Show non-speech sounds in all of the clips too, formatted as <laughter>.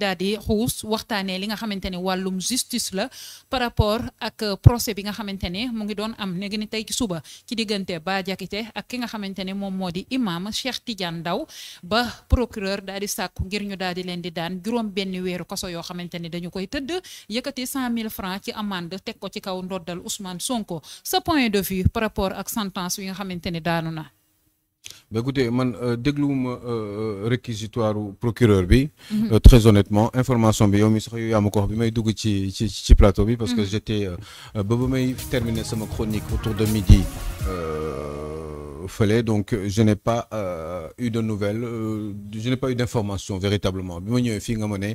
daal di xuus waxtaanee li nga xamante ne wàllum justice la par rapport ak euh, procès bi nga xamante ne mu ngi doon am léegi ni tey ci suba ci diggante ba Diakhaté ak ki nga xamante ne moom moo di imam Cheikh Tidiane Ndao ba procureur daal di sàkku ngir ñu daal di leen di daan juróom benn weeru kaso yoo xamante ne dañu koy tëdd yëkkati cent mille francs ci amande teg ko ci kaw ndoddal Ousmane Sonko sa point de vue par rapport ak sentence yi nga xamante ne daanu na ba écoutez man euh, dégluwuma euh, euh, réquisitoire procureur bi. très honnêtement information bi yow mi sax yaa ma ko bi may dugg ci ci ci plateau bi. parce que mm. j'étais ba ba may terminer sama chronique autour de midi. fële donc je n'ai pas eu de nouvelles je n'ai pas eu d'information véritablement bi ma ñëwee fii nga ma ne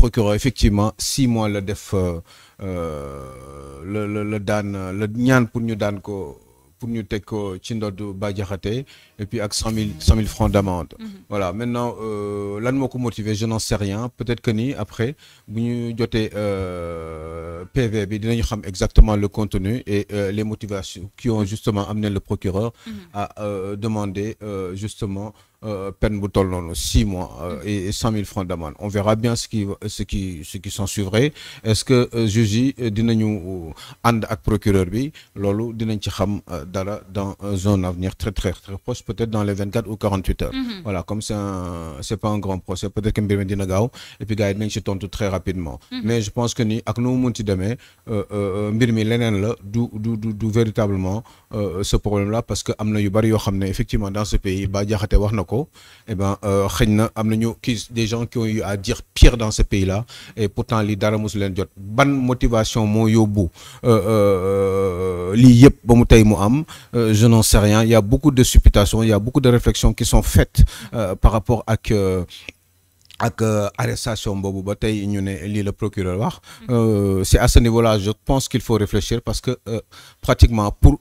procureur effectivement six mois la def la daan la ñaan pour ñu daan ko. pour ñu teg ko ci ndodd Bah Diakhaté et puis ak cent mille cent mille francs d'amende mhm. voilà maintenant euh, lan moo ko motiver je n'en sais rien peut-être que nii après bu ñu jotee euh, PV bi dinañu xam exactement le contenu et euh, les motivations qui ont mhm. justement amené le procureur mhm. à demander justement Euh, peine bu toll noonu six mois euh, et cent mille francs d'amende on verra bien ce qui ce est-ce que euh, juges yi dinañu ak procureur bi loolu dinañ ci xam dara dans un avenir très très très proche peut-être dans les vingt quatre ou quarante huit heures. Mhm. voilà comme c'est pas un grand procès peut-être que mbir mi dina gaaw et puis gars yi dinañ tontu très rapidement. Mhm. mais je pense que ni ak nu munti demee mbir mi la du du du du véritablement ce problème là parce que am na yoo xam wax na ko. ko eh ben euh, na am nañu kii des gens qui ont eu à dire pire dans ce pays là et pourtant li dara mosu leen jot ban motivation moo yóbbu euh, euh, lii yëpp ba mu tey mu am je n'en sais rien il y a beaucoup de supputations il y a beaucoup de réflexions qui sont faites par rapport ak arrestation boobu ba tey ñu ne lii la procureur wax mm-hmm. c'est à ce niveau-là je pense qu'il faut réfléchir parce que pratiquement pour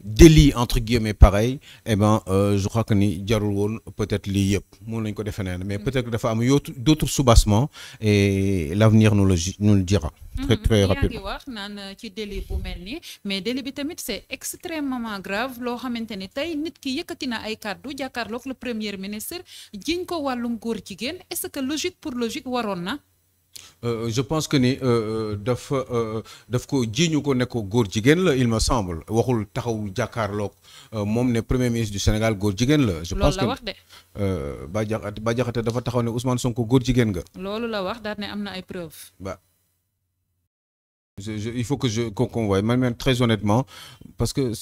délit entre guillemets pareil eh ben euh, je crois que ni jarul woon peut-être lii yëpp moom lañ ko defee neen mais mm. peut-être dafa am yootu d'autres soubassements et l'avenir nous le nous le dira très mm-hmm. très rapidement wax naan euh, ci délit bu mel nii mais délit bi tamit c'est extrêmement grave loo xamante ni tey nit ki yëkkati na ay kàddu jàkkaarloog le premier ministre jiñ ko wàllum góor jigéen est-ce que logique pour logique waroon na Euh, euh, je pense que ni euh, daf daf ko jiiñu ko nekko ko góor jigéen la il me semble waxul taxaw jàkkaarloog moom ne premier ministre du Sénégal góor jigéen la. je pense que loolu la wax de. Bah Diakhaté dafa taxaw ne Ousmane Sonko góor jigéen nga. loolu la wax daal ne am na ay preuves. Je, je, il faut que je qu'on voie man très honnêtement parce que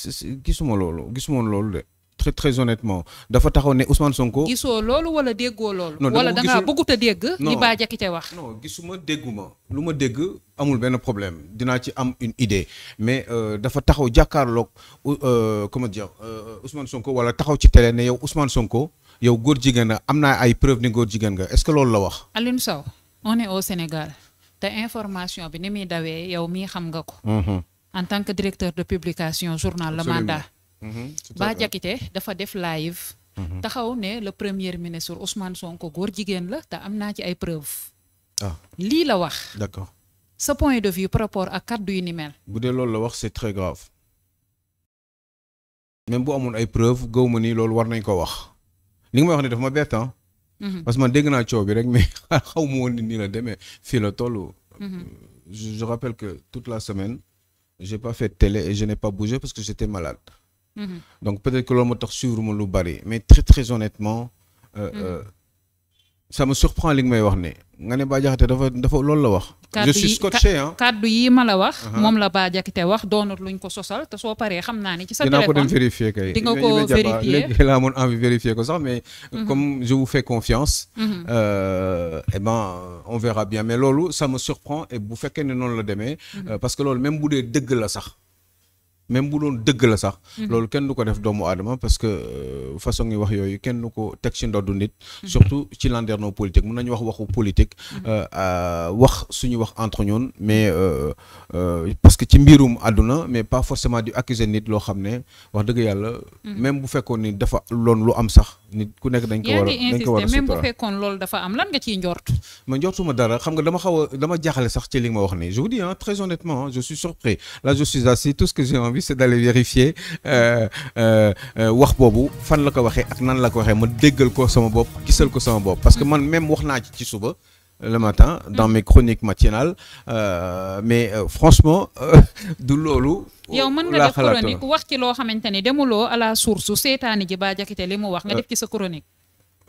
gisuma loolu gisumoon loolu de. te très honnêtement dafa taxaw ne Ousmane Sonko. gisoo loolu wala déggoo loolu. wala da ngaa bëggut a dégg. li Bah Diakhaté wax. non gisuma dégguma lu ma dégg amul benn problème dinaa ci am une idée mais euh, dafa taxaw jàkkaarloog euh, euh, comment dire Ousmane Sonko wala taxaw ci télé ne yow Ousmane Sonko yow góor jigéen a am naa ay preuve ni góor jigéen nga est-ce que loolu la wax. Alioune Sow on est au Sénégal te information bi ni muy dawee yow mii xam nga ko. Mm-hmm. en tant que de publication Mm-hmm. Bah Diakité dafa def live. Mm-hmm. taxaw ne le premier ministre Ousmane Sonko góor jigéen la te am naa ci ay preuves. Ah. lii la wax. d'accord sa point de vue par rapport ak kàddu yu ni mel. bu dee loolu la wax c'est très grave. même bu amoon ay preuves gëw ma ni loolu war nañ ko wax. li nga may wax ne dafa ma bett ah. Mm-hmm. que man dégg naa coow bi rek <laughs> mais xaw ma woon ni nii la demee fii la toll. je rappelle que toute la semaine j'ai pas fait de télé et je n'ai pas bougé parce que j'étais malade. Mm-hmm. donc peut-être que loolu moo tax suivre ma lu bari mais très très honnêtement. Euh, mm-hmm. euh, ça me surprend li nga may wax ne nga ne Bah Diakhaté dafa dafa loolu la wax. je suis scotché ah yi ma la wax. Uh-huh. moom la Bah Diakhaté wax doonut luñ ko sosal te soo paree xam naa ne ci sa téléphone dinaa ko dem vérifier ko vérifier léegi mm-hmm. comme je vous fais confiance. Euh, eh ben on verra bien mais loolu ça me surprend et bu fekkee ne noonu la demee. parce que loolu même bu dee dëgg la sax. même bu doon dëgg la sax. Mhm. loolu kenn du ko def doomu aadama parce que euh, façon yi wax yooyu kenn du ko teg ci ndoddu nit. Mhm. surtout ci landerneau politique mun nañu wax waxu politique. Mhm. Euh, wax suñu wax entre ñun mais euh, parce que ci mbirum àdduna mais pas forcément di accuser nit loo xam ne wax dëgg yàlla. même bu fekkoon ni dafa loon lu am sax. nit ku nekk dañ ko war a dañ ko war a même bu loolu dafa am lan nga ciy njort. ma njortuma dara xam nga dama xaw a dama jaaxale sax ci li ma wax nii je vous dis hein très honnêtement je suis surpris là je suis assis tout ce que j'ai envie c'est d'aller vérifier euh, euh, euh, wax boobu fan la ko waxee ak nan la ko waxee ma déggal ko sama bopp gisal ko sama bopp. parce que mm. man même wax naa ci ci suba. le matin dans mm. mes chroniques matinales euh, mais euh, franchement euh, <laughs> du loolu. yow mën nga def chronique wax ci loo xamante ne demuloo à la source seetaani ji ba jakite li mu wax nga def ci sa chronique.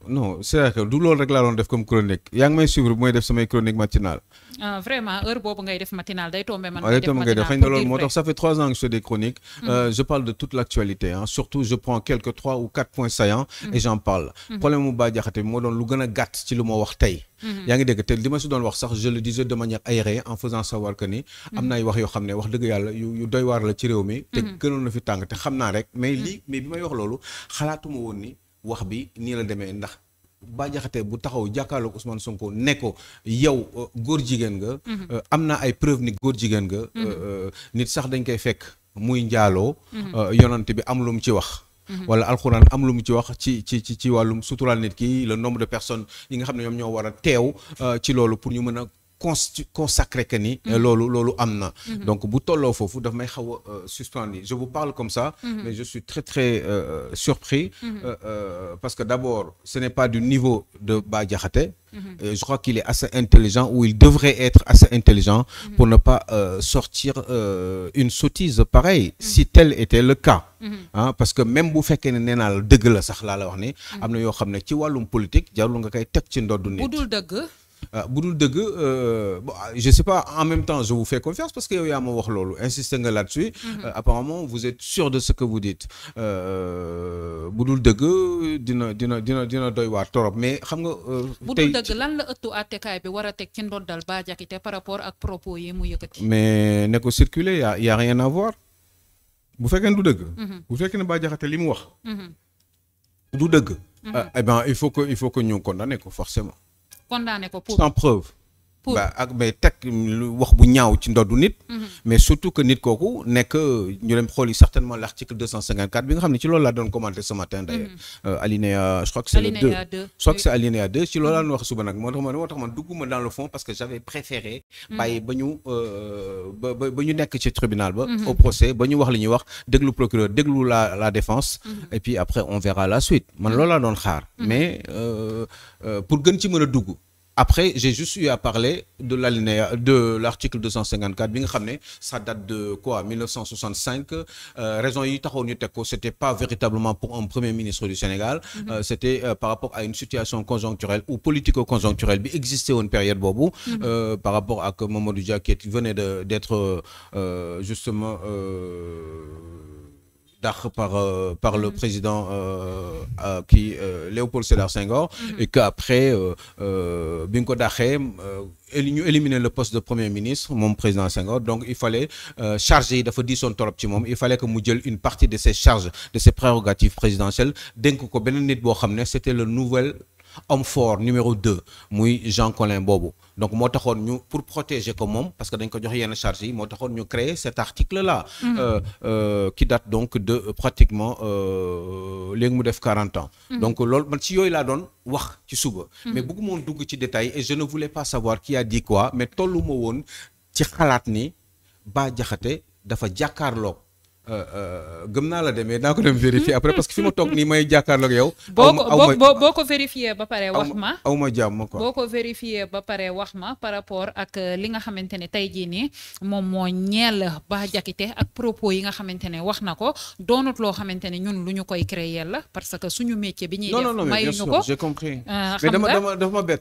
non c'est que du loolu rek laa doon def comme chronique yaa ngi may suivre bu may def samay chronique matinale. Ah, heure boobu ngay def matinale day tombé man. day def matinale na loolu moo tax ça fait trois ans que je fais des mm-hmm. euh, je parle de toute l'actualité surtout je prends quelques trois ou quatre points saillants. Mm-hmm. et j'en parle. Mm-hmm. problème mu Bah Diakhaté moo doon lu gën gàtt ci lu ma wax tey. yaa ngi dégg te li ma si doon wax sax je le disais de manière aérée wax bi ni la demee ndax Bah bu taxaw jàkkaarloog Ousmane Sonko ne ko yow uh, góor jigéen nga. Mm -hmm. uh, am naa ay preuve ni góor jigéen nga. Mhm. Euh, euh, nit sax dañ koy fekk muy njaaloo. Mm euh, yonante bi am lu mu ci wax. Mhm. wala alxuraan am lu mu ci wax ci ci ci ci wàllum suturaal nit ki la nombre de personnes yi nga xam ne ñoom ñoo war a teew ci loolu pour ñu mën a constu consacré que ni. Mm-hmm. loolu loolu am na. Mm-hmm. donc bu tolloo foofu daf may xaw a euh, suspendre je vous parle comme ça. Mm-hmm. mais je suis très très euh, surpris. Euh, parce que d' abord ce n' est pas du niveau de ba Diakhaté. je crois qu'il est assez intelligent ou il devrait être assez intelligent pour ne pas sortir une sottise pareille si tel était le cas ah parce que même bu fekkee ne nee naa la dëgg la sax laa la wax ni am na yoo xam ne ci wàllum politique jarul nga koy teg ci ndoddu nit Euh, bu dul dëgg euh, je sais pas en même temps je vous fais confiance parce que yow yaa ma wax loolu insiste nga là-dessus. Mhm. Euh, apparemment vous êtes sûr de ce que vous dites bu dul dëgg dina dina dina dina doy waar torop mais xam nga. bu dul dëgg lan la ëttu àttekaay bi war a teg ci ndoddal Bah Diakhaté par rapport ak propos yi mu yëkkati. mais ne ko circuler y a y a rien à voir bu fekkee du dëgg. Mhm. bu fekkee ne Bah Diakhaté li mu wax. Mhm. du dëgg. eh il faut que il faut que ñu condamné condamné ko pour. sans pour ba ak mais teg wax bu ñaaw ci ndoddu nit. Mhm. mais surtout que nit kooku nekk ñu dem xooli certainement l' article 254 bi nga xam ne ci loolu laa doon commenté ce matin d' ailleurs. Mhm. Euh, alinéa je crois que c' est le 2 je crois que c' est alinéa 2 ci loolu laa mhm. doon wax suba nag moo tax ma dugg tax man dugguma dans le fond parce que j'avais préféré. bàyyi ba ñu euh, ba ba ñu nekk ci tribunal ba. au procès ba ñu wax li ñuy wax déglu procureur déglu la la défense. et puis après on verra la suite man loolu laa doon xaar. mais euh, pour gën ci mën a dugg. après j'ai juste eu à parler de l'alinéa de l'article bi nga xam ne ça date de quoi 1965 euh, raison yi taxoon ñu teg ko c'était pas véritablement pour un premier ministre du Sénégal mm-hmm. euh, c'était euh, par rapport à une situation conjoncturelle dàq par euh, par le mm. président kii euh, euh, Léopold Sédar Senghor. Mm-hmm. et que après bi nga ko dàqee ñu éliminer le poste de premier ministre moom président Senghor donc il fallait charges yi dafa diisoon trop ci moom il fallait que mu jël une partie de ses charges de ses prérogatives présidentielles dénk ko beneen nit boo xam ne c'était le nouvel. homme fort numéro 2 muy Jean Collin boobu donc moo taxoon ñu pour protéger ko moom parce que dañ ko jox yenn charge moo taxoon ñu créer cet article là. Mm -hmm. euh, euh, qui date donc de euh, pratiquement euh, léegi mu def 40 ans. Mm-hmm. donc loolu man si yooyu laa doon wax ci suba. Mm-hmm. mais bëggu moon dugg ci détail et je ne voulais pas savoir qui a dit quoi mais tollu woon ci xalaat ni Bah Diakhaté dafa jàkkaarloo. Euh, euh, gëm naa la demee naa ko dem vérifier après parce que fi ma toog nii may jàkkaarloog yow. <laughs> aw boo ko boo ko vérifier ba pare wax ma. aw ma jàmm quoi boo ko vérifier ba pare wax ma par rapport ak euh, li nga xamante ne tey jii nii moo ñeel Bah Diakhaté ak propos yi nga xamante ne wax na ko doonut loo xamante ne ñun lu ñu koy créer la que suñu métier bi ñuy def mayuñu ko j'ai compris mais dama dama na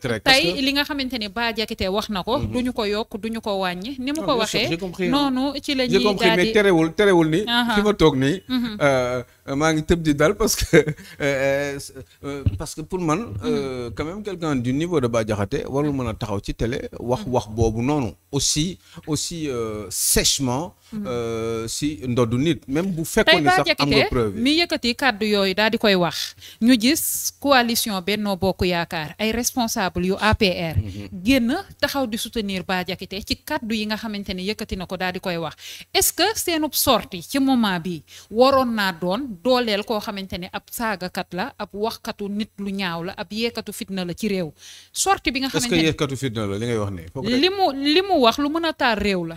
ko. Mhm. du ñu ko yokk du ñu ko wàññi. ni mu ko waxee noonu ci la daal di terewul terewul ni ah. Uh-huh. fi ma toog nii. Mm-hmm. Euh, maa ngi tëb di dal parce que <laughs> euh, euh, parce que pour man. Mm-hmm. quand même quelqu'un du niveau de Bah Diakhaté warul mën a taxaw ci tele wax wax boobu noonu. aussi aussi sèchement. Mm-hmm. Euh, si ndoddu nit même bu fekkoon ni sax am preuve mi yëkkati kàddu yooyu daal di koy wax ñu jis coalition Benno Bokk Yaakaar ay responsable yu APR mm-hmm. génn taxaw di soutenir Bah Diakhaté ci kàddu yi nga xamante ne yëkkati na ko daal di koy wax est-ce que seenub sorti ci moment bi waroon naa doon dooleel koo xamante ne ab saagakat la ab waxkatu nit lu ñaaw la ab yeekatu fitna la ci réew sorti bi nga xamante ne est-ce que li ngay wax ne li mu li mu wax lu mën a taal réew la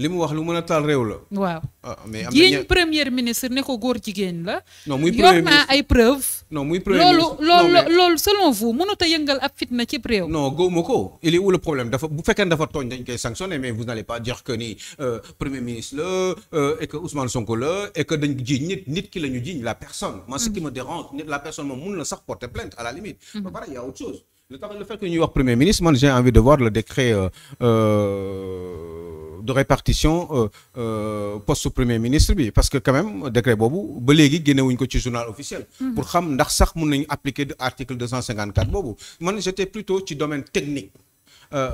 li mu wax lu mën a taal réew la. waaw ah, mais am jiiñ premier ministre ne ko góor jigéen la. non muy premier yor naa ay preuve non muy premier ministre loolu selon vous mënut a yëngal ab fitna ci réew. non góob ko il est où le problème dafa bu fekkee dafa tooñ dañ koy sanctionné mais vous n'allez pas dire que ni euh, premier ministre la euh, et que Ousmane Sonko la et que dañ jiiñ nit nit ki la ñu jiiñ la personne. ma ce qui mm-hmm. me dérange nit la personne moom mun na sax porter plainte à de répartition euh, euh, poste premier ministre bi parce que quand même décret boobu ba léegi génnewuñ ko ci journal officiel. Mhm. pour xam ndax sax mun nañu appliquer article 254 boobu man j'étais plutôt ci domaine technique. Euh,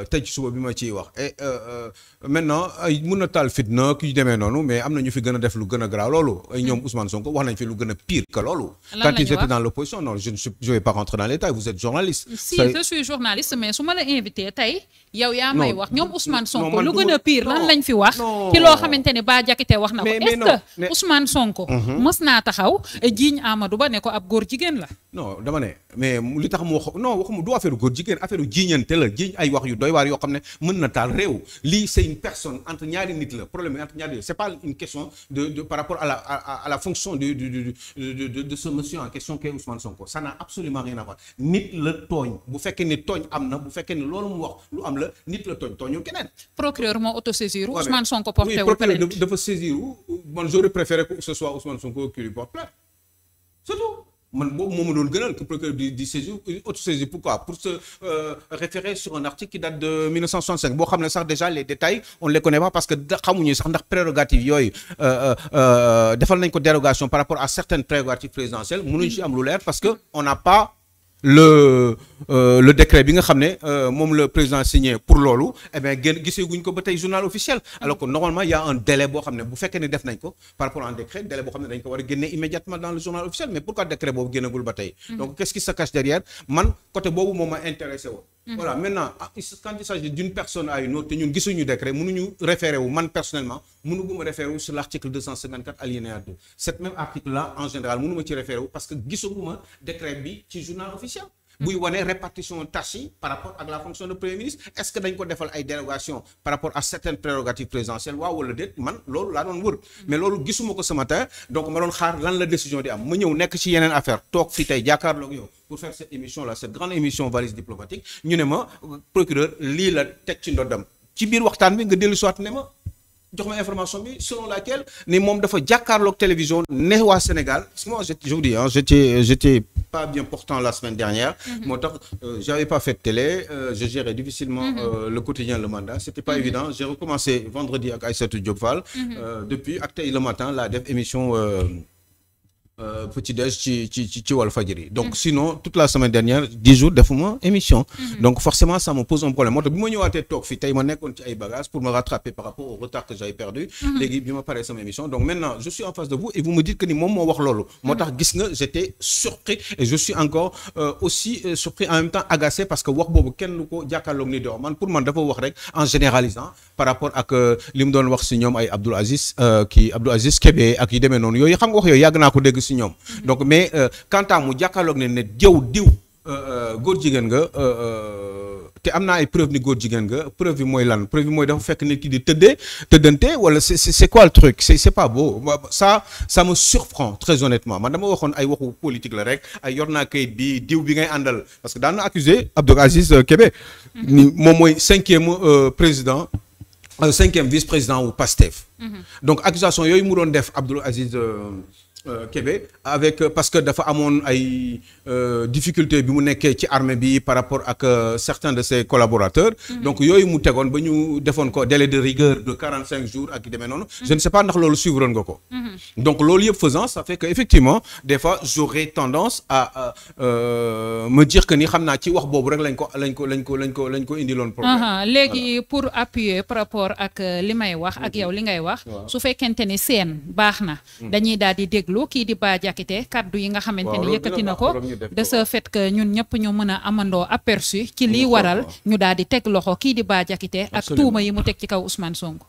euh, tey ci suba bi ma ciy wax et euh, maintenant ay mun na taal fitna ki demee noonu mais am na ñu fi gën a def lu gën a grave loolu. Hmm. ñoom Ousmane Sonko wax nañ fi lu gën a pire que loolu. quand ils étaient dans l'opposition non je ne suis je vais pas rentrer dans les détails vous si je suis journaliste mais su ma la invité tey. yow yaa may wax ñoom Ousmane Sonko lu gën a lan lañ fi wax. ci loo xamante ne Bah Diakhaté wax na ko. est-ce que Ousmane Sonko. Mhm. mës naa taxaw eh, jiiñ Amadou Ba ne ko ab góor jigéen la. non dama ne. mais li tax mu wax non waxuma du affaire góor jigéen affaire jiiñante la jiiñ ay wax yu doy waar yoo xam ne mën na taal réew lii c'est une personne entre ñaari nit la problème bi entre ñaari c'est pas une question de de par rapport à la à, à la fonction du du de de de ce monsieur en question absolument rien à voir nit la tooñ bu fekkee ne tooñ am na bu fekkee ne loolu mu wax lu am la nit la tooñ tooñul keneen. procureur moo autosaisir. Ousmane Sonko porté wu plainte oui procureur dafa saisir man j'aurais préféré que ce man boobu moo ma doon gënal que procureur di di saisir auto-saisir pourquoi pour se euh, référer sur un article qui date de boo xam ne sax déjà les détails on ne connaît pas parce que xamuñu sax ndax prérogatives yooyu euh, euh, defal nañ ko dérogation par rapport à certaines prérogatives présidentielles mënuñu ci lu leer parce que on pas le euh, le décret bi nga xam ne euh, moom le président signé pour loolu eh gisee guñ ko ba tey journal officiel alors que normalement y a un délai boo xam ne bu fekkee ne def nañ ko par rapport un décret délai boo xam ne dañ ko war a génne immédiatement dans le journal officiel mais pourquoi décret boobu génnagul ba tey hmm. donc qu'est-ce qui se derrière man côté boobu moom ma intéressé woon Mmh. voilà maintenant ah, quand il s'agit d'une personne à une autre te ñu gisuñu décret mënuñu référé wu man personnellement mënu guma référé wu sur l'article 254 alinéa 2 cet même article là en général mënuma ci référé wu parce que gisaguma décret bi ci journal officiel buy wanee répartition tâche yi par rapport ak la fonction de premier ministre est-ce que dañ ko defal ay dérogation par rapport a certaines prérogatives présidentielles waaw wala déet man loolu laa doon wër mais loolu gisuma ko ce matin donc ma doon xaar lan la décision di am ma ñëw nekk ci yeneen affaire toog fi tey jàkkaarloog yow pour faire cette émission là cette grande émission valise diplomatique ñu ne ma procureur lii la teg ci ndoddam ci biir waxtaan bi nga dellu soit ma jox information bi selon laquelle ni moom dafa jàkkaarloog télévision ne waa Sénégal moi je vous dis ah j'étais pas bien portant la semaine dernière mm-hmm. moo tax euh, j'avais pas fait de télé euh, je gérais difficilement mm-hmm. euh, le quotidien le mandat c'était pas mm-hmm. évident j'ai recommencé vendredi ak Aïssatou Diop Fall depuis ak tey le matin laa def émission petit euh, déj ci ci ci donc mm. sinon toute la semaine dernière dix jours defuma émission mm-hmm. donc forcément ça me pose un problème moo tax bi ma ñëwaatee toog fii tey ma nekkoon ci ay bagages pour me rattraper par rapport au retard que j'avais perdu mm-hmm. léegi bi ma paree sama émission donc maintenant je suis en face de vous et vous me dites que ni moom moo wax loolu moo tax mm-hmm. gis nga j'étais surpris et je suis encore euh, aussi euh, surpris en même temps agacé parce que wax boobu si ñoom. donc mais euh, quant à mu jàkkaarloog ne ne jëw diw. Euh, euh, góor jigéen nga te am naa ay preuve ni góor jigéen nga preuve bi mooy lan preuve bi mooy dafa fekk nit ki di tëddee tëddante wala c'est c'est quoi le truc c'est c'est pas beau ça ça surprend très honnêtement man dama waxoon ay waxu politique la rek ay yor naa kayit bi diw bi ngay àndal parce que daan na accusé Abdou Aziz Kébé ni moom mooy cinquième président cinquième vice président wu PASTEF mhm. donc accusation yooyu mu Euh, Kébé avec euh, parce que dafa amoon ay euh, difficulté bi mu nekkee ci armée bi par rapport ak certains de ses collaborateurs. Mm-hmm. donc yooyu mu tegoon ba ñu defoon ko délai de rigueur de quarante cinq jours ak demee noonu. je ne sais pas ndax loolu suivre nga ko. Mm-hmm. donc loolu yëpp faisant ça fait effectivement des fois j'aurais tendance à me dire que ni xam naa ci wax boobu rek lañ ko lañ ko lañ ko lañ ko lañ ko indiloon problème. léegi pour appuyer par rapport ak li may wax ak mm-hmm. yow li ngay wax. su fekkente déglu kii di Bah Diakhaté kaddu yi nga xamante ne yëkkati na ko de ce ñun ñëpp ñu mën a amandoo aperçu ci liy waral ñu daal di teg loxo kii di Bah Diakhaté ak tuuma yi mu teg ci kaw Ousmane Sonko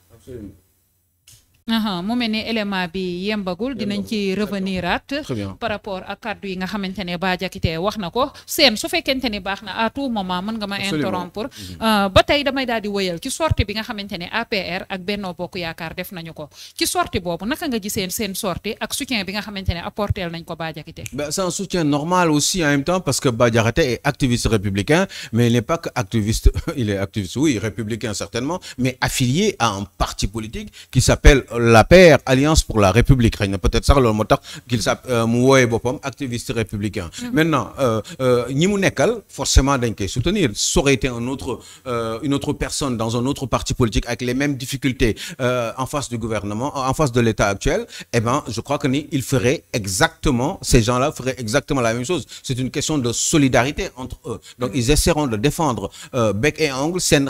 mu mel ni élément bi yembagul dinañ ci revenir at par rapport ak kàddu yi nga xamante ne Bah Diakité wax na ko seen su fekkente ni baax na à tout moment mën nga ma interrompre mm-hmm. euh, ba tey damay daal di wëyal ci sortie bi nga xamante ne APR ak Benno Bokk Yaakaar def nañu ko ci sortie boobu naka nga gisee seen seen sortie ak soutien bi nga xamante ne apporteel nañ ko Bah Diakité c'est un soutien normal aussi en même temps parce que ba Diakité est activiste républicain mais il n'est pas que activiste <laughs> il est mais affilié à un parti politique la PR alliance pour la république xëy na peut-être sax loolu moo tax qu'il sa euh, mu wooyee boppam mm. maintenant euh, euh, ñi nekkal forcément dañ koy soutenir ça aurait été un autre personne dans un autre parti politique avec les mêmes difficultés en face du gouvernement en face de l'état actuel eh je crois que ni il ferait exactement ces gens-là feraient exactement la même chose c'est une question de solidarité entre eux donc ils essaieront de défendre bec et ongle seen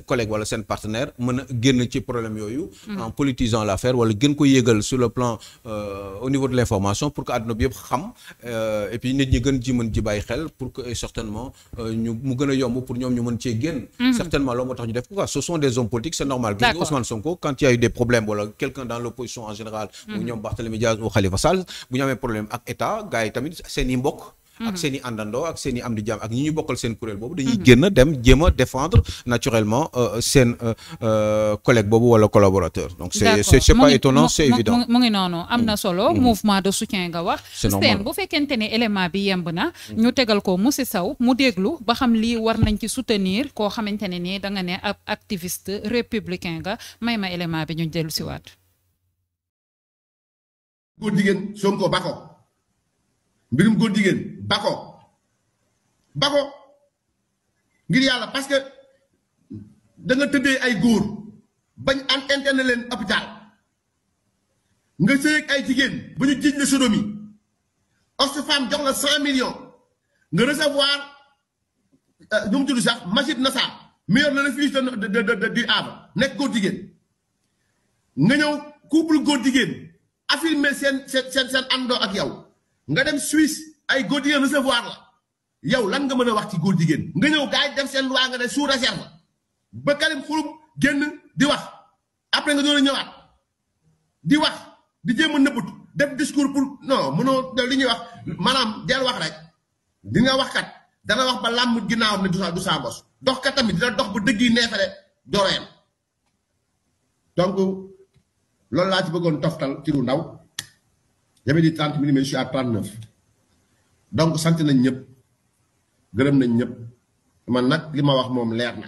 seen collègue seen partenaire mën a génn ci problème yooyu. en politisant l'affaire wala gën ko yéegal sur le plan euh, au niveau de l'information pour que àdduna bi yëpp xam euh, nit ñi gën ci mën ci xel pour que certainement euh, ñu mu gën a yomb pour ñoom ñu mën cee génn. Mhm. certainement loolu moo tax ñu def quoi ce sont des hommes politiques c'est normal. gis nga Ousmane Sonko quand il y a problèmes wala quelqu'un dans l'opposition en général. mu mhm. ñoom Barthélémy ak mhm. seen i àndandoo ak seen i am di jàmm ak ñi ñu bokkal seen kuréel boobu dañuy mhm. génn dem jéem défendre naturellement euh, seen euh, euh, collègue boobu wala collaborateur donc c'est c'est pas étonnant c'est évident mu ngi noonu am na mhm. solo mouvement de soutien nga wax seen bu fekkente ne élément bi yemb na ñu tegal ko mu si saw mu déglu ba xam lii war nañ ci soutenir koo xamante ne nii da nga ne ak activiste républicain nga may ma élément bi ñu dellu si waat mbirum góor jigéen bako bako ngir yàlla parce que da nga tëddee ay góor bañ am interne leen hôpital nga sëyeeg ay jigéen ba ñu jiiñ la sodomie Oxfam jox la cent million nga recevoir ñu euh, mu tudd sax Majid Nassar meilleur le na de de du Havre nekk koo jigéen nga ñëw couple góor jigéen affirmer seen seen seen seen àndoo ak yow nga dem Suisse ay góor jigéen recevoir la yow lan nga mën a wax ci góor jigéen nga ñëw gars yi def seen loi nga ne sous réserve ba Karim Xrum génn di wax après nga doon a ñëwaat di wax di jéem a nëbbatu def discours pour non mënoo li ñuy wax maanaam del wax rek di nga wax kat dana wax ba làmm ginnaaw ne du saa du saa bos dox kat tamit dina dox ba dëgg yi neefere doroyam donc loolu laa ci bëggoon toftal ci lu ndaw. j'avais dit 30 000 mais je suis à 39 donc sant nañ ñëpp gërëm nañ ñëpp man nag li ma wax moom leer na.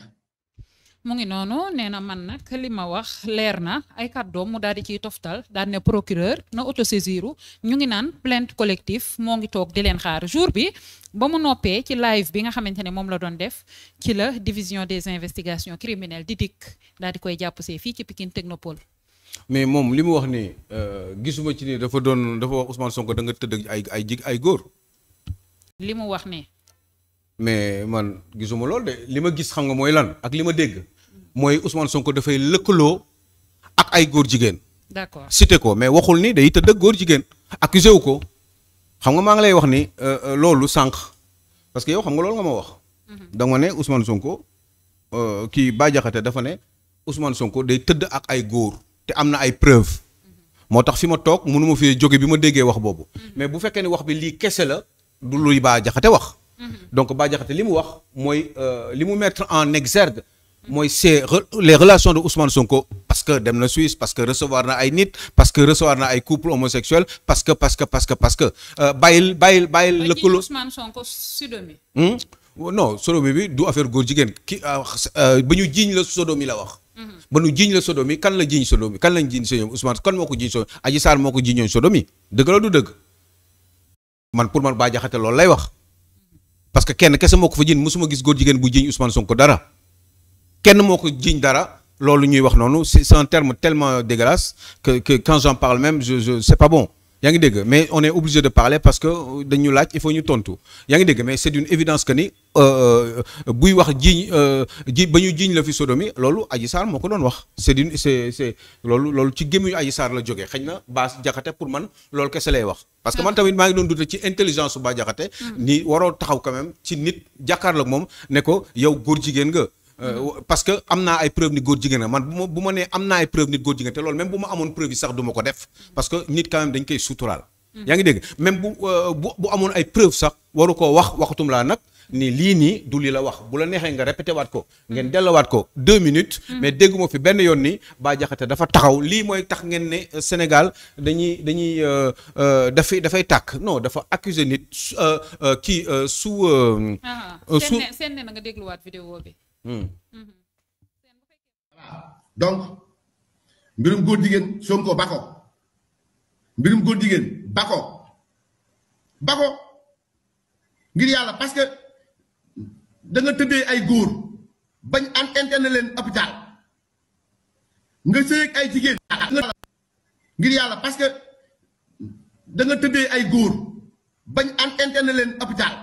mu ngi noonu nee na man nag li ma wax leer na ay kàddoom mu daal di ciy toftal daal ne procureur na autosaisiru ñu ngi naan plainte collectif moo ngi toog di leen xaar jour bi ba mu noppee ci live bi nga xamante ne moom la doon def ci la division des investigations criminelles di dikk daal di koy jàpp see fii ci Pikine Technopole. mais moom li mu wax ni euh, gisuma ci ni dafa doon dafa wax Ousmane Sonko danga nga tëdd ay ay jig ay góor. li mu wax nii mais man gisuma loolu de li ma gis xam nga mooy lan ak li ma dégg mooy Ousmane Sonko dafay lëkkaloo ak ay góor jigéen. d'accord cité ko mais waxul nii day tëdd góor jigéen. accusé wu ko xam nga maa ngi lay wax ni euh, euh, loolu sànq parce que yow xam nga loolu nga ma wax. Mhm. kii Bah dafa ne Ousmane Sonko day tëdd ak ay góor. te am na ay preuve moo tax fi ma toog mënu ma fi jóge bi ma déggee wax boobu mais bu fekkee ne wax bi lii kese la du luy Bah Diakhaté wax donc Bah Diakhaté li mu wax mooy euh, li mu mettre en exergue mooy c'est les relations de Ousmane Sonko parce que dem na Suisse parce que recevoir na ay nit parce que recevoir na ay couple homosexuel parce que parce que parce que parce que euh, bàyyil bàyyil bàyyil lëkkaloo Ousmane Sonko sodomie hmm? oh, non sodomie bi du affaire góor jigéen ki euh, ba ñu jiiñ la sodomie la wax Mhm. ba nu jiiñ la sodomi kan la jiñ sodomi kan lañ jiñ sodomi Ousmane kan moo ko jiñ sodomi Adji Sarr moo ko jiñoon sodomi dëgg la du dëgg man pour man Bah Diakhaté loolu lay wax parce que kenn kese moo ko fa jiñ mosuma gis góor jigéen bu jiñ soo Sonko dara kenn moo ko jiñ dara loolu ñuy wax noonu c'est un terme tellement dégueulasse que que quand j'en parle même je je pas bon yaa ngi dégg mais on est obligé de parler parce que dañu laaj il faut ñu tontu yaa ngi dégg mais c'est d'une évidence que ni Euh, euh, buy wax jiñ euh, ji ba ñu jiñ la fi sodomi loolu Adji Sarr moo ko doon wax c'est du c'est c'est loolu loolu ci gémmiñu Adji Sarr la jógee xëy na Bass Diakhaté pour man loolu kese lay wax parce que man tamit maa ngi doon dute ci intelligence su Bass Diakhaté mm. ni waroo taxaw quand même ci nit jàkkaarloog moom ne ko yow góor jigéen nga mm. parce que am naa ay preuve ni góor jigéen nga man bu ma bu ma nee am naa ay preuve nit góor jigéen te lool même bu ma amoon preuve sax duma ko def parce que nit quand dañ koy suturaal mm. yaa ngi dégg même bu bu bu amoon ay preuve sax waru koo wax waxatum laa nag ni lii nii du la wax bu la neexee nga répété waat ko ngeen waat ko deux minutes mm. mais dégguma fi benn yoon ni Bah Diakhaté dafa taxaw lii mooy tax ngeen ne euh, Sénégal dañuy dañuy euh, euh, dafay dafay tàkk no dafa accuser nit kii sous sous seen ne na nga dégluwaat vidéo bi hmm. mm-hmm. donc mbirum góor jigéen Sonko bako mbirum góor jigéen bako bako ngir yàlla parce da nga tëddee ay góor bañ am interne leen hôpital nga sëyeeg ay jigéen ngir yàlla parce que da nga tëddee ay góor bañ am interne leen hôpital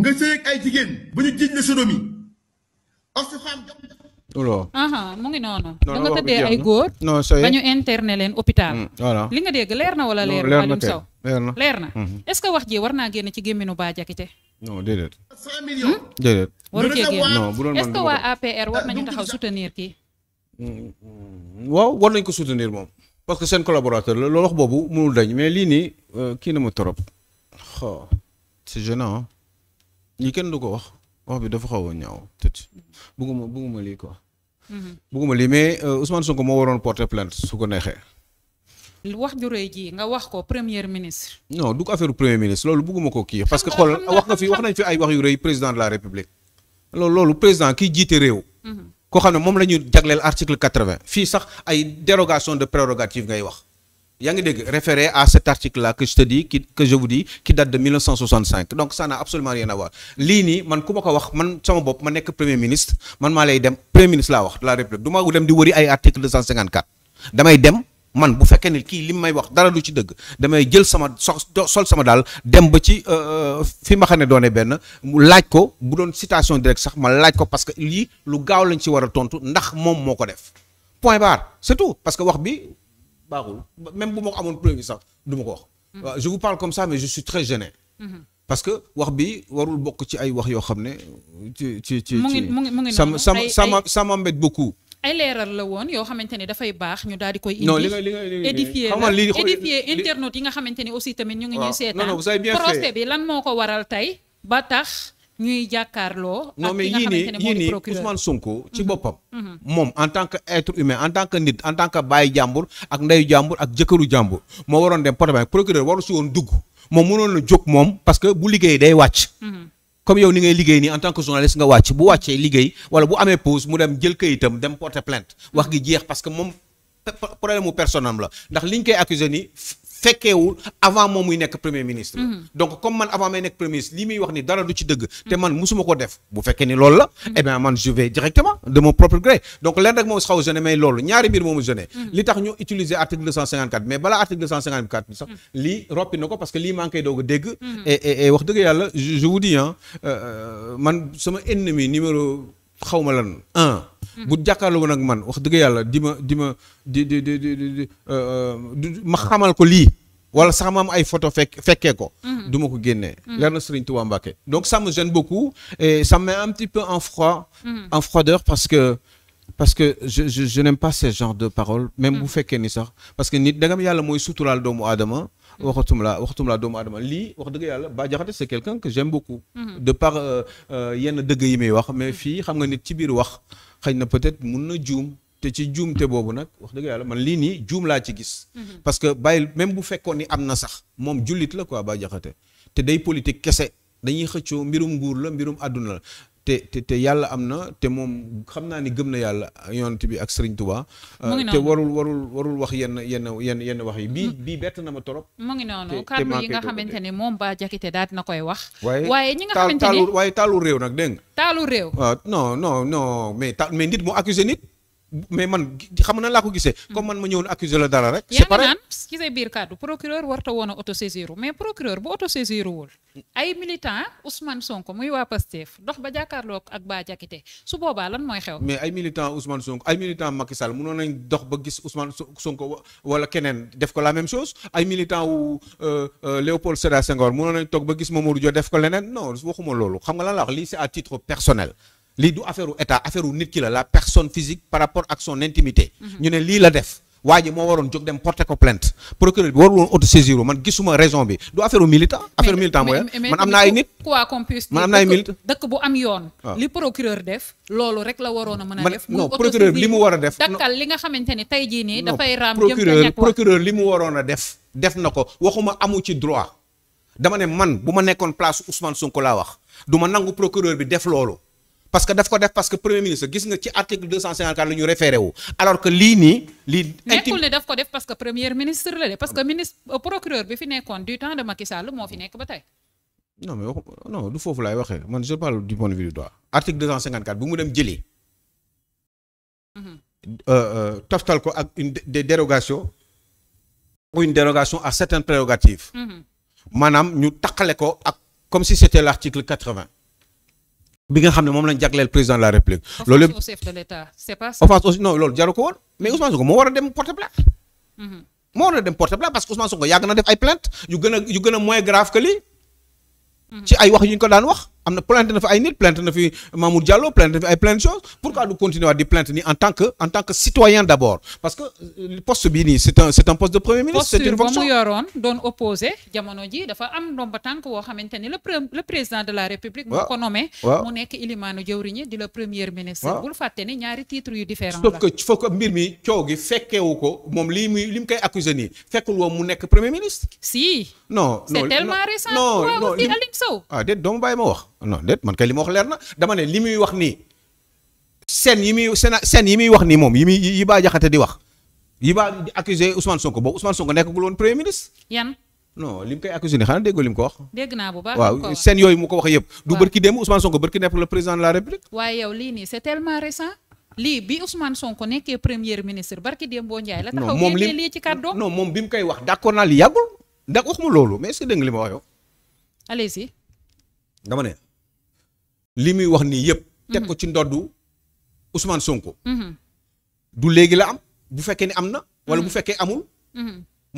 nga sëyeeg ay jigéen ba ñu jiiñ la sodomie Oxfam loolu. mu ngi noonu. da nga tëddee ay góor. non sooy leen hôpital. Mm, li nga dégg leer na wala leer. leer na tey leer na leer na. Mm-hmm. est-ce que wax ji war naa génn ci gémminu Bah Diakité. non déedéet. Hmm? déedéet. waru cee génn bu doon est-ce que waa APR war ah, mm, war nañ ko soutenir moom. parce que seen collaborateur la loolu boobu mënul dañ mais lii nii euh, kii na ma trop. xaw c'est gênant lii kenn du ko wax. wax bi dafa xaw a ñaaw tuuti mm-hmm. bëgguma bëgguma lii quoi. Mm-hmm. bëgguma lii mais euh, Ousmane Sonko moo waroon porter plainte su ko neexee. wax ju rëy ji nga wax ko premier ministre. non du ko affaire premier ministre loolu bëgguma ko kii parce que xool wax nga fi wax nañ fi ay wax yu rëy président de la république. loolu loolu président kiy jiite réew. Mm-hmm. ko xam ne moom la ñu jagleel article quatre-vingt. fii sax ay dérogation de prérogative ngay wax. yaa ngi dégg référé à cet article là que je te dis qui que je vous dis qui donc ça absolument rien à lii nii man ku ma ko wax man sama bopp ma nekk premier ministre man maa lay dem premier ministre laa wax du ma dem di wëri ay article 254 damay dem man bu fekkee ne kii li may wax dara lu ci dëgg damay jël sama sol sama daal dem ba ci euh, euh, fi ma xam ne doone benn mu laaj ko bu doon citation directe sax ma laaj ko parce que lii lu gaaw lañ ci war a tontu ndax moom moo ko def point baaxul même bu ma ko amoon preuve sax du ma ko wax. Mm. waaw je vous parle comme ça mais je suis très gêné. Mm-hmm. parce que wax bi warul bokk ci ay wax yoo xam ne. ci ci ci mu ngi mu ngi mu ngi ay leeral la woon yoo xamante dafay baax ñu daal di koy. indi édifier édifier yi nga xamante aussi tamit ñu ngi ñuy seetaan. non bi lan moo ko waral tey ba tax. ñuy jàkkaarloo. non mais yii nii yii nii Ousmane Sonko. ci mhm. boppam. Mhm. moom en tant que être humain en tant que nit en tant que bàyyi jàmbur ak ndeyu jàmbur ak jëkkëru jàmbur moom mënoon jóg moom parce que bu liggéey day wàcc. Mhm. comme yow ni ngay liggéey nii en tant que journaliste nga wàcc bu wàccee liggéey wala bu amee pause mu dem jël kayitam dem porter plainte wax gi jeex parce que moom problème mu la ndax liñ koy accuser ni fekkeewul avant moom muy nekk premier ministre. Mhm. donc comme man avant may nekk premier ministre li muy wax ni dara du ci dëgg. te man musuma ko def bu fekkee ni loolu la. Mhm. eh bien man je vais directement de mon propre gré. donc leen rek moom si xaw gêné mais loolu ñaari mbir moomu gêné. Mhm. li tax ñu utiliser article 254 mais balaa article 254 bi sax lii roppi na ko parce que lii maa ngi koy doog a dégg. et wax dëgg yàlla je vous dis euh, man sama ennemi numéro xaw ma lan bu jàkkaarloo woon ak man wax dëgg yàlla di ma di ma di di di di ma xamal ko lii wala sax ma am ay photo fekk fekkee ko. Mhm. du ma ko génne mhm. leer na Serigne Touba Mbacké donc ça me gêne beaucoup et ça me met un petit peu en froid. Mhm. en froideur parce que. parce que je je je n'aime pas ce genre de paroles même bu fekkee ni sax parce que nit dangam yàlla mooy suturaal doomu aadama waxatum la waxatum la doomu aadama lii wax dëgg yàlla Bah Diakhaté c'est quelqu'un que j'aime beaucoup de par euh, euh, yenn dëgg yi muy wax mais fii xam nga nit ci biir wax xëy na peut-être mun na juum te ci juumte boobu nag wax dëgg yàlla man lii nii juum laa ci gis. Mhm. parce que bàyyi même bu fekkoon ni am na sax moom jullit la quoi ba jaxate te day politique kese dañuy xëccoo mbirum nguur la mbirum àdduna la te te yàlla am na te moom xam naa ni gëm na yàlla yonent bi ak Serigne Touba. Euh, te warul warul warul wax yenn yenn yenn yenn wax yi. bii mm. bii bett na ma torop mu ngi noonu kàddu yi nga xamante ne moom Bah Diakhaté daal dina koy wax. waaye ñi nga xamante ne waaye taalu réew nag dégg nga. taalu réew. waaw ah, non non non mais ta mais nit mu accusé nit. mais man xam na laa ko gisee. Hmm. comme man ma ñëw na accuser la dara rek. c'est pareil yaa ngi naan ci sa procureur warta woon a autosaisiru mais procureur bu autosaisiru wul. ay militant Ousmane Sonko muy waa Pastef dox ba jàkkaarloog ak Bah Diakhaté su boobaa lan mooy xew. mais ay militant Ousmane Sonko ay militant Macky Sall mënoon nañ dox ba gis Ousmane Sonko wala keneen def ko la même chose ay militant wu euh, euh, Léopold Sédar Senghor mënoon nañ toog ba gis Mamadou Dia def ko leneen non waxuma loolu xam nga lan la wax lii c'est à lii du affaire u état affaire u nit ki la la personne physique par rapport ak son intimité. Mhm. ñu ne lii la def. waa ji moo waroon jóg dem porter ko plainte procureur bi warul woon autosaisir man gisuma raison bi du affaire militant affaire militant mooy man am naa ay nit man am naa ay militant dëkk bu am yoon ah. li procureur def loolu rek la waroon a mën a def non procureur li mu war a def li nga xamante ne tey jii nii dafay raam procureur procureur li mu waroon a def def na ko waxuma amu ci droit dama ne man bu ma nekkoon place Ousmane Sonko laa wax du ma nangu procureur bi def loolu parce que daf ko def parce que premier ministre gis nga ci article 254 la ñu référé wu alors que lii nii. lii nekkul ne daf ko def parce que premier ministre la de parce que ministre euh, procureur bi fi nekkoon du temps de Macky Sall moo fi nekk ba tey. non mais du foofu laay waxee man je parle du point de vue du droit article 254 bu mu dem jëlee. Mhm. Euh, euh, toftal ko ak une des dérogations ou une à certaines prérogatives. Mhm. maanaam ñu taqale ko ak comme si c'était l'article 80. bi nga xam ne moom lañ jagleel président de la république. loolu yëpp offense au chef de l'État c'est pas ça. aussi non loolu jaru woon mais Ousmane Sonko moo war a dem porter mm-hmm. moo war dem porter parce que Ousmane Sonko yàgg na def ay plainte yu gën a yu gën a moins grave que lii. Mm-hmm. ci ay wax yu ko daan wax. am na plainte na fa ay nit plainte na fi Mamour Diallo plainte na fi ay plein de choses pourquoi du continuer à di plainte ni en tant que en tant que citoyen d' parce que euh, poste bii nii c' un c' de premier ministre. c' mu yoroon doon opposé jamono ji dafa am ndomba tànk woo xamante ni le le président de la république. waaw moo ko nommé. mu nekk ilimaanu jëwriñi di le premier ministre. bul fàtte ni ñaari titres yu différents la. foog mbir mi coow gi fekkewu ko moom lii muy li mu koy accusé mu nekk premier ministre. si. li waaw ah, déet doo ma bàyyi wax. non déet man kay li ma wax leer na dama ne li wax nii seen yi muy seen seen yi muy wax nii moom yi muy yi Bah Diakhaté di wax yi Bah di accusé Ousmane Sonko boobu Ousmane Sonko nekkagul woon premier ministre. yan. non li mu koy accusé nii xanaa déggoo ko wax. dégg naa bu baax waaw seen yooyu mu ko wax yëpp. du bërki démb Ousmane Sonko bërki nekk le président de la République. waaye yow lii nii c'est tellement récent. lii bi Ousmane Sonko nekkee premier ministre barki Dembo Ndiaye la. taxaw ngeen moom bi mu koy wax d'accord naa li yàggul ndax waxuma loolu mais est ma ne li muy wax nii yëpp. teg ko ci ndoddu Ousmane Sonko. du léegi la am bu fekkee ni am na. wala bu fekkee amul.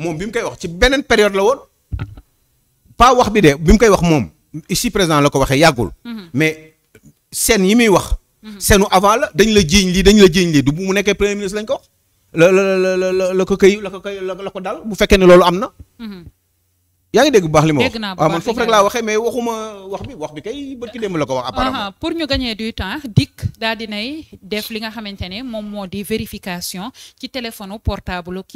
moom bi mu koy wax ci beneen période la woon. pas wax bi de bi mu koy wax moom ici président la ko waxee yàggul. mais seen yi muy wax. seenu avant la dañ la jiiñ lii dañ la jiiñ lii du bu mu nekkee premier ministre lañ ko la la la la la ko koy la ko koy la ko dal bu fekkee ne loolu am na. yaa ngi dégg baax li ma wax waaw ah, man foofu rek laa waxee mais waxuma wax bi wax bi kay bërki démb la ko wax apparemment pour ñu gagner du temps dikk daal dinay def li nga xamante ne moom moo di vérification ci téléphone portable ki